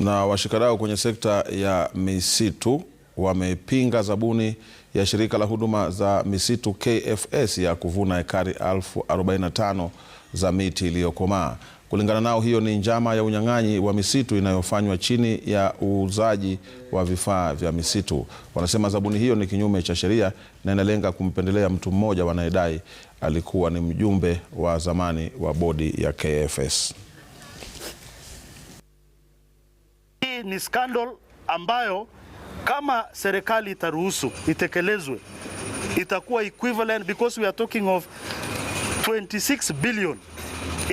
Na washikadau kwenye sekta ya misitu wamepinga zabuni ya shirika la huduma za misitu KFS ya kuvuna ekari 45 za miti iliyokomaa. Kulingana nao, hiyo ni njama ya unyang'anyi wa misitu inayofanywa chini ya uuzaji wa vifaa vya misitu. Wanasema zabuni hiyo ni kinyume cha sheria na inalenga kumpendelea mtu mmoja wanayedai alikuwa ni mjumbe wa zamani wa bodi ya KFS. hii ni scandal ambayo kama serikali itaruhusu itekelezwe itakuwa equivalent because we are talking of 26 billion,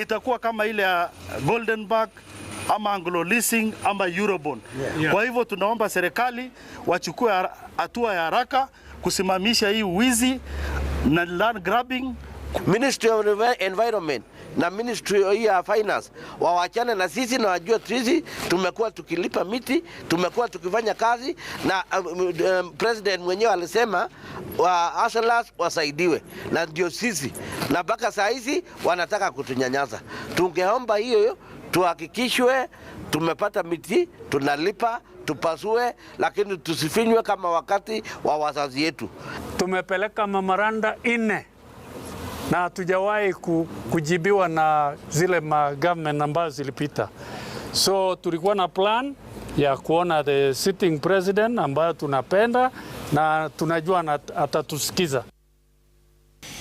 itakuwa kama ile ya Goldenberg ama Anglo Leasing ama Eurobond. Yeah. Kwa hivyo tunaomba serikali wachukue hatua ya haraka kusimamisha hii wizi na land grabbing. Ministry of Environment na ministry hii ya finance wawachane na sisi na wajue sisi tumekuwa tukilipa miti, tumekuwa tukifanya kazi na uh, um, president mwenyewe alisema wa ashalas wasaidiwe, na ndio sisi, na mpaka saa hizi wanataka kutunyanyaza Tungeomba hiyo tuhakikishwe tumepata miti, tunalipa tupasue, lakini tusifinywe kama wakati wa wazazi yetu. Tumepeleka mamaranda nne na hatujawahi kujibiwa na zile ma government ambazo zilipita, so tulikuwa na plan ya kuona the sitting president ambayo tunapenda na tunajua atatusikiza.